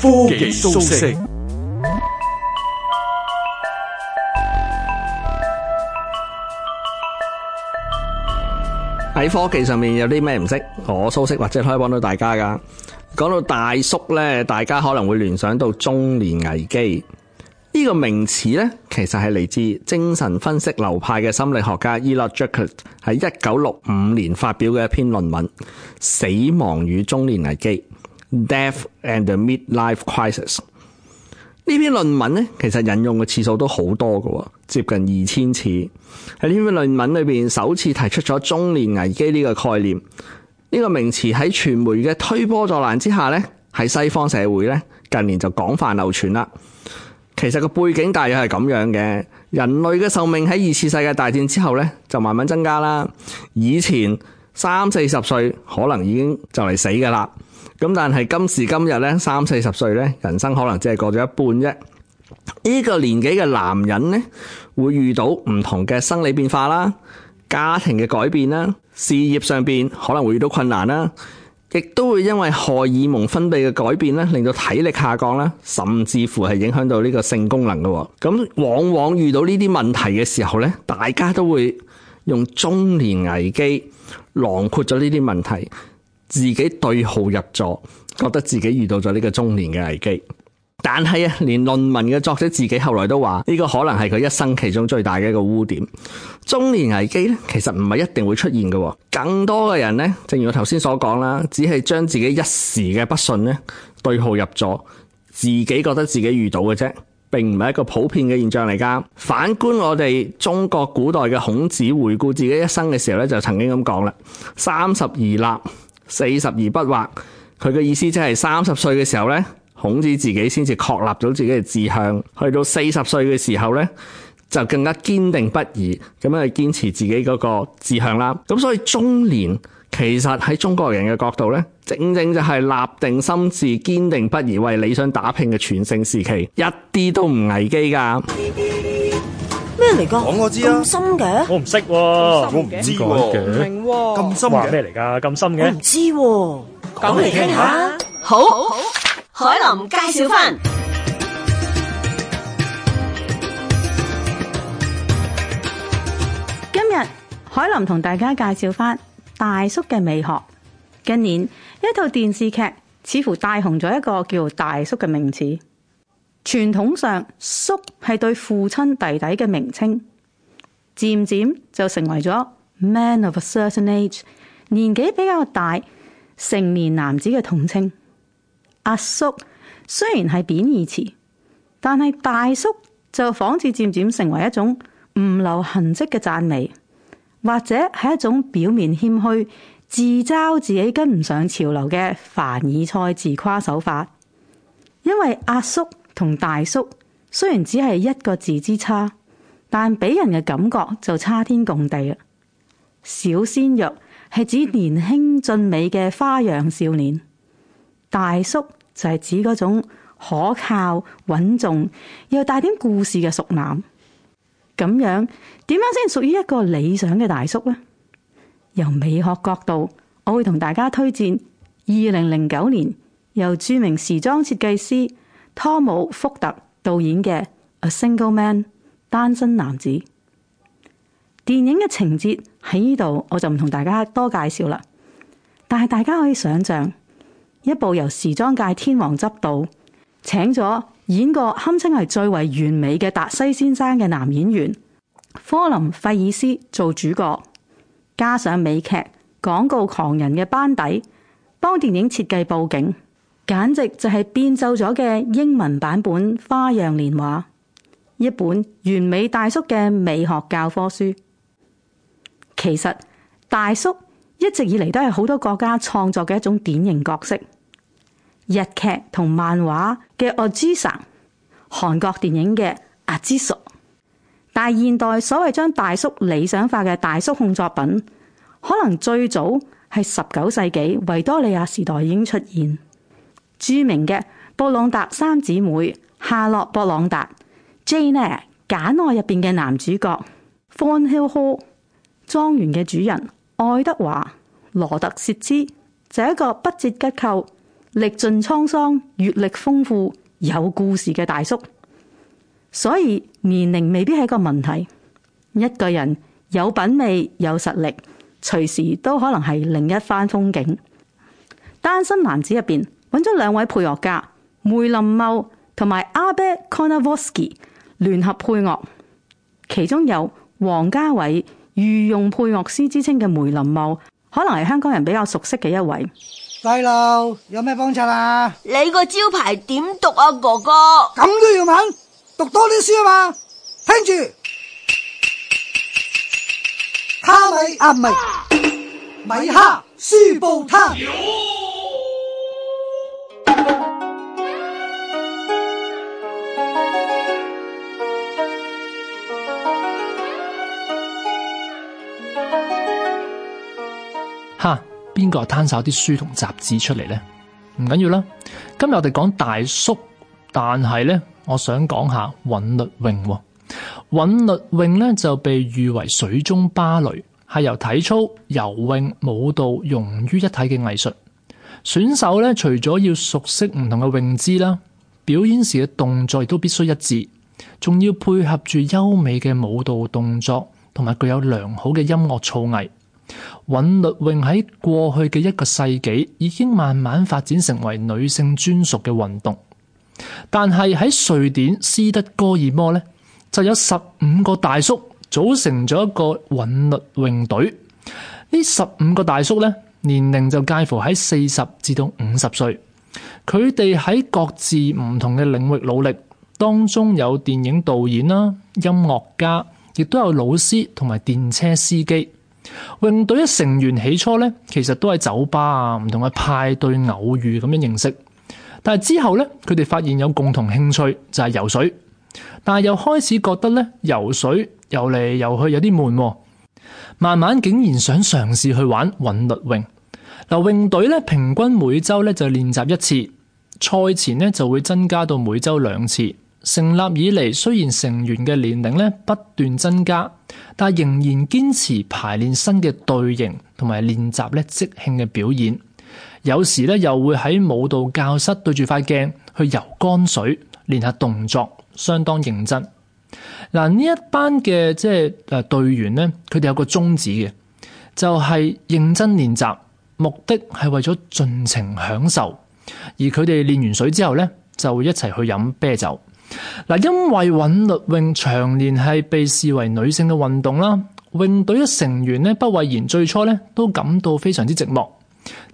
科技蘇軾喺科技上面有啲咩唔識？我蘇軾或者可以幫到大家噶。講到大叔呢，大家可能會聯想到中年危機呢個名詞呢，其實係嚟自精神分析流派嘅心理學家 Elliott Jaques 喺一九六五年發表嘅一篇論文《死亡與中年危機》。Death and the Midlife Crisis 呢篇論文咧，其實引用嘅次數都好多嘅，接近二千次。喺呢篇論文裏邊，首次提出咗中年危機呢個概念。呢個名詞喺傳媒嘅推波助瀾之下咧，喺西方社會咧近年就廣泛流傳啦。其實個背景大約係咁樣嘅：人類嘅壽命喺二次世界大戰之後咧就慢慢增加啦。以前三四十歲可能已經就嚟死㗎啦，咁但係今時今日呢，三四十歲呢，人生可能只係過咗一半啫。呢個年紀嘅男人呢，會遇到唔同嘅生理變化啦，家庭嘅改變啦，事業上邊可能會遇到困難啦，亦都會因為荷爾蒙分泌嘅改變咧，令到體力下降啦，甚至乎係影響到呢個性功能嘅。咁往往遇到呢啲問題嘅時候呢，大家都會用中年危機。囊括咗呢啲問題，自己對號入座，覺得自己遇到咗呢個中年嘅危機。但係啊，連論文嘅作者自己後來都話呢個可能係佢一生其中最大嘅一個污點。中年危機咧，其實唔係一定會出現嘅。更多嘅人咧，正如我頭先所講啦，只係將自己一時嘅不順咧，對號入座，自己覺得自己遇到嘅啫。並唔係一個普遍嘅現象嚟㗎。反觀我哋中國古代嘅孔子，回顧自己一生嘅時候咧，就曾經咁講啦：三十而立，四十而不惑。佢嘅意思即係三十歲嘅時候咧，孔子自己先至確立咗自己嘅志向；去到四十歲嘅時候咧，就更加堅定不移咁樣去堅持自己嗰個志向啦。咁所以中年其實喺中國人嘅角度咧。整整就係立定心志、堅定不移為理想打拼嘅全盛時期，一啲都唔危機噶。咩嚟噶？講我知啊！咁深嘅，我唔識，我唔知嘅，咁深嘅咩嚟噶？咁深嘅，我唔知。講嚟聽下。好，好，好，海琳介紹翻。今日海琳同大家介紹翻大叔嘅美學。近年，一套電視劇似乎帶紅咗一個叫大叔嘅名詞。傳統上，叔係對父親弟弟嘅名稱，漸漸就成為咗 man of a certain age，年紀比較大、成年男子嘅統稱。阿叔雖然係貶義詞，但係大叔就仿似漸漸成為一種唔留痕跡嘅讚美，或者係一種表面謙虛。自嘲自己跟唔上潮流嘅凡爾賽自誇手法，因為阿叔同大叔雖然只係一個字之差，但俾人嘅感覺就差天共地啦。小鮮肉係指年輕俊美嘅花樣少年，大叔就係指嗰種可靠穩重又帶點故事嘅熟男。咁樣點樣先屬於一個理想嘅大叔咧？由美學角度，我會同大家推薦二零零九年由著名時裝設計師湯姆福特導演嘅《A Single Man》單身男子。電影嘅情節喺呢度我就唔同大家多介紹啦，但係大家可以想象，一部由時裝界天王執導，請咗演過堪稱係最為完美嘅達西先生嘅男演員科林費爾斯做主角。加上美劇《廣告狂人》嘅班底，幫電影設計佈景，簡直就係變奏咗嘅英文版本《花樣年華》，一本完美大叔嘅美學教科書。其實大叔一直以嚟都係好多國家創作嘅一種典型角色，日劇同漫畫嘅阿之神，韓國電影嘅阿之叔。但現代所謂將大叔理想化嘅大叔控作品，可能最早係十九世紀維多利亞時代已經出現。著名嘅布朗達三姊妹，夏洛·布朗達，Jane Eyre，簡愛入邊嘅男主角，范休科莊園嘅主人愛德華·羅特薛之，就一個不折不扣歷盡滄桑、閱歷豐富、有故事嘅大叔。所以年齡未必係一個問題。一個人有品味、有實力，隨時都可能係另一番風景。單身男子入邊揾咗兩位配樂家梅林茂同埋 Abel Korzeniowski 聯合配樂，其中有王家衛御用配樂師之稱嘅梅林茂，可能係香港人比較熟悉嘅一位。細路有咩幫襯啊？你個招牌點讀啊，哥哥？咁都要問？讀多啲書啊嘛，聽住。蝦米阿咪、啊，米蝦書報攤。吓，邊個攤手啲書同雜誌出嚟咧？唔緊要啦，今日我哋講大叔，但係咧。我想講下韻律泳喎，韻律泳咧就被譽為水中芭蕾，係由體操、游泳、舞蹈融於一體嘅藝術。選手咧除咗要熟悉唔同嘅泳姿啦，表演時嘅動作亦都必須一致，仲要配合住優美嘅舞蹈動作，同埋具有良好嘅音樂造詣。韻律泳喺過去嘅一個世紀，已經慢慢發展成為女性專屬嘅運動。但係喺瑞典斯德哥爾摩咧，就有十五個大叔組成咗一個韻律泳隊。呢十五個大叔咧，年齡就介乎喺四十至到五十歲。佢哋喺各自唔同嘅領域努力，當中有電影導演啦、音樂家，亦都有老師同埋電車司機。泳隊嘅成員起初咧，其實都喺酒吧啊、唔同嘅派對偶遇咁樣認識。但係之後咧，佢哋發現有共同興趣就係、是、游水，但係又開始覺得咧，游水游嚟游去有啲悶喎、啊。慢慢竟然想嘗試去玩韻律泳。游泳隊咧，平均每週咧就練習一次，賽前咧就會增加到每週兩次。成立以嚟雖然成員嘅年齡咧不斷增加，但仍然堅持排練新嘅隊形同埋練習咧即興嘅表演。有時咧，又會喺舞蹈教室對住塊鏡去游乾水，練下動作相當認真。嗱，呢一班嘅即係誒隊員咧，佢哋有個宗旨嘅，就係、是、認真練習，目的係為咗盡情享受。而佢哋練完水之後咧，就會一齊去飲啤酒。嗱，因為韻律泳長年係被視為女性嘅運動啦，泳隊嘅成員咧不諱言，最初咧都感到非常之寂寞。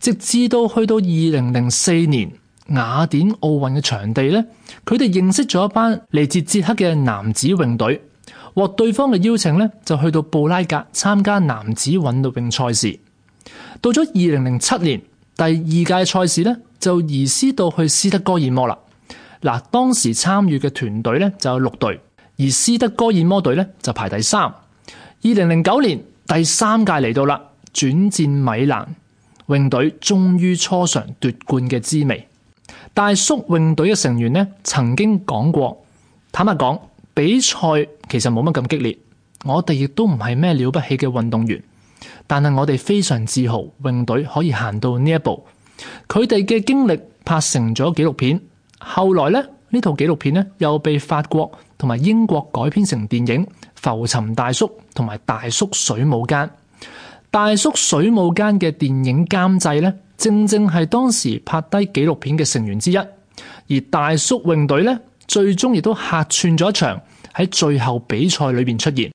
直至到去到二零零四年雅典奧運嘅場地咧，佢哋認識咗一班嚟自捷克嘅男子泳隊，獲對方嘅邀請咧，就去到布拉格參加男子運動泳賽事。到咗二零零七年第二屆賽事咧，就移師到去斯德哥爾摩啦。嗱，當時參與嘅團隊咧就有六隊，而斯德哥爾摩隊咧就排第三。二零零九年第三屆嚟到啦，轉戰米蘭。泳隊終於初嘗奪冠嘅滋味，大叔泳隊嘅成員呢曾經講過，坦白講，比賽其實冇乜咁激烈，我哋亦都唔係咩了不起嘅運動員，但係我哋非常自豪泳隊可以行到呢一步。佢哋嘅經歷拍成咗紀錄片，後來呢呢套紀錄片呢又被法國同埋英國改編成電影《浮沉大叔》同埋《大叔水舞間》。大叔水務間嘅電影監製正正係當時拍低紀錄片嘅成員之一，而大叔泳隊最終亦都客串咗一場喺最後比賽裏面出現。